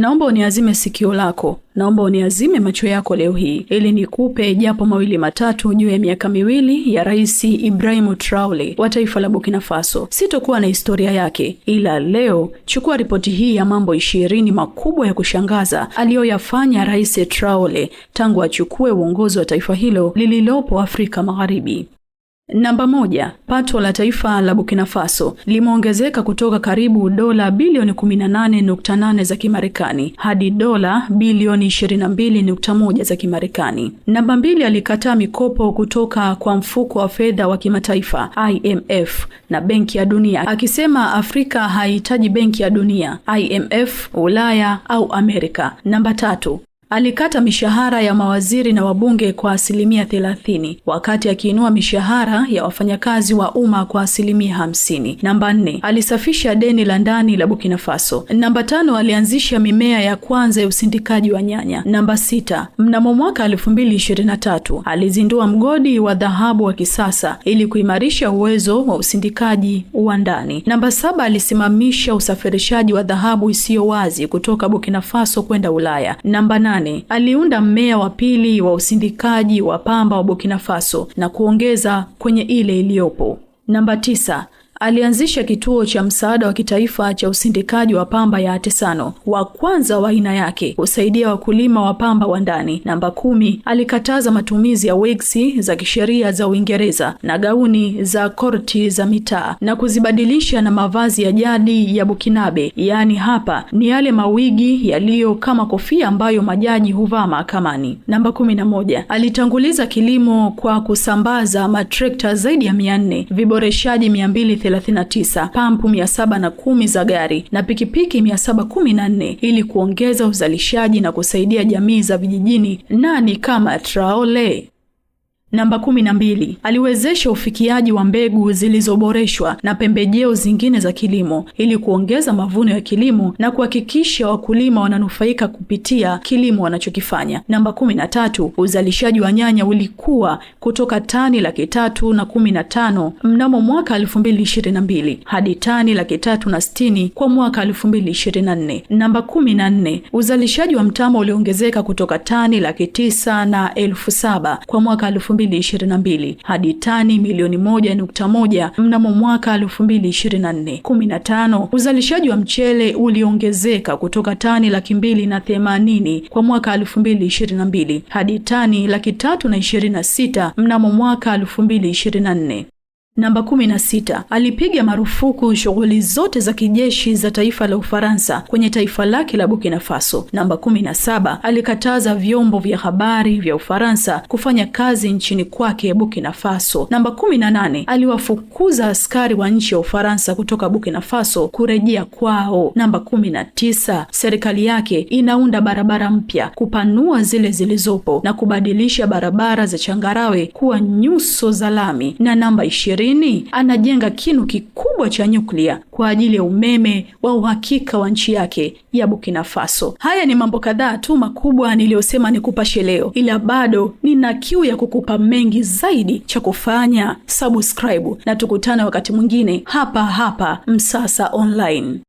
Naomba uniazime sikio lako, naomba uniazime macho yako leo hii, ili nikupe japo mawili matatu juu ya miaka miwili ya Rais Ibrahimu Traore wa taifa la Burkina Faso. Sitokuwa na historia yake, ila leo chukua ripoti hii ya mambo ishirini makubwa ya kushangaza aliyoyafanya Rais Traore tangu achukue uongozi wa taifa hilo lililopo Afrika Magharibi. Namba moja, pato la taifa la Burkina Faso limeongezeka kutoka karibu dola bilioni 18.8 za Kimarekani hadi dola bilioni 22.1 za Kimarekani. Namba mbili, alikataa mikopo kutoka kwa mfuko wa fedha wa kimataifa IMF na Benki ya Dunia akisema Afrika haihitaji Benki ya Dunia, IMF, Ulaya au Amerika. Namba tatu, Alikata mishahara ya mawaziri na wabunge kwa asilimia thelathini wakati akiinua mishahara ya wafanyakazi wa umma kwa asilimia hamsini. Namba nne, alisafisha deni la ndani la Burkina Faso. Namba tano, alianzisha mimea ya kwanza ya usindikaji wa nyanya. Namba sita, mnamo mwaka elfu mbili ishirini na tatu alizindua mgodi wa dhahabu wa kisasa ili kuimarisha uwezo wa usindikaji wa ndani. Namba saba, alisimamisha usafirishaji wa dhahabu isiyo wazi kutoka Burkina Faso kwenda Ulaya. Namba nane, 1988 aliunda mmea wa pili wa usindikaji wa pamba wa Burkina Faso na kuongeza kwenye ile iliyopo. Namba tisa, alianzisha kituo cha msaada wa kitaifa cha usindikaji wa pamba ya artesano, wa kwanza wa aina yake kusaidia wakulima wa pamba wa ndani. Namba kumi, alikataza matumizi ya wigsi za kisheria za Uingereza na gauni za korti za mitaa na kuzibadilisha na mavazi ya jadi ya Bukinabe, yaani hapa ni yale mawigi yaliyo kama kofia ambayo majaji huvaa mahakamani. Namba kumi na moja, alitanguliza kilimo kwa kusambaza matrekta zaidi ya mia nne viboreshaji mia mbili 39, pampu 710 za gari na pikipiki 714 ili kuongeza uzalishaji na kusaidia jamii za vijijini. Nani kama Traore? Namba 12 aliwezesha ufikiaji wa mbegu zilizoboreshwa na pembejeo zingine za kilimo ili kuongeza mavuno ya kilimo na kuhakikisha wakulima wananufaika kupitia kilimo wanachokifanya. Namba 13 uzalishaji wa nyanya ulikuwa kutoka tani laki tatu na kumi na tano mnamo mwaka 2022 hadi tani laki tatu na sitini kwa mwaka 2024. Namba 14 uzalishaji wa mtama uliongezeka kutoka tani laki tisa na elfu saba kwa mwaka 2022 hadi tani milioni 1.1 mnamo mwaka 2024. 15. Uzalishaji wa mchele uliongezeka kutoka tani laki mbili na themanini kwa mwaka 2022 hadi tani laki tatu na ishirini na sita mnamo mwaka 2024. Namba 16 alipiga marufuku shughuli zote za kijeshi za taifa la Ufaransa kwenye taifa lake la Burkina Faso. Namba 17 alikataza vyombo vya habari vya Ufaransa kufanya kazi nchini kwake Burkina Faso. Namba 18 aliwafukuza askari wa nchi ya Ufaransa kutoka Burkina Faso kurejea kwao. Namba 19 serikali yake inaunda barabara mpya, kupanua zile zilizopo na kubadilisha barabara za changarawe kuwa nyuso za lami. Na namba 20 ishirini anajenga kinu kikubwa cha nyuklia kwa ajili ya umeme wa uhakika wa nchi yake ya Burkina Faso. Haya ni mambo kadhaa tu makubwa niliyosema nikupashe leo, ila bado nina kiu ya kukupa mengi zaidi. Cha kufanya subscribe, na tukutane wakati mwingine hapa hapa Msasa Online.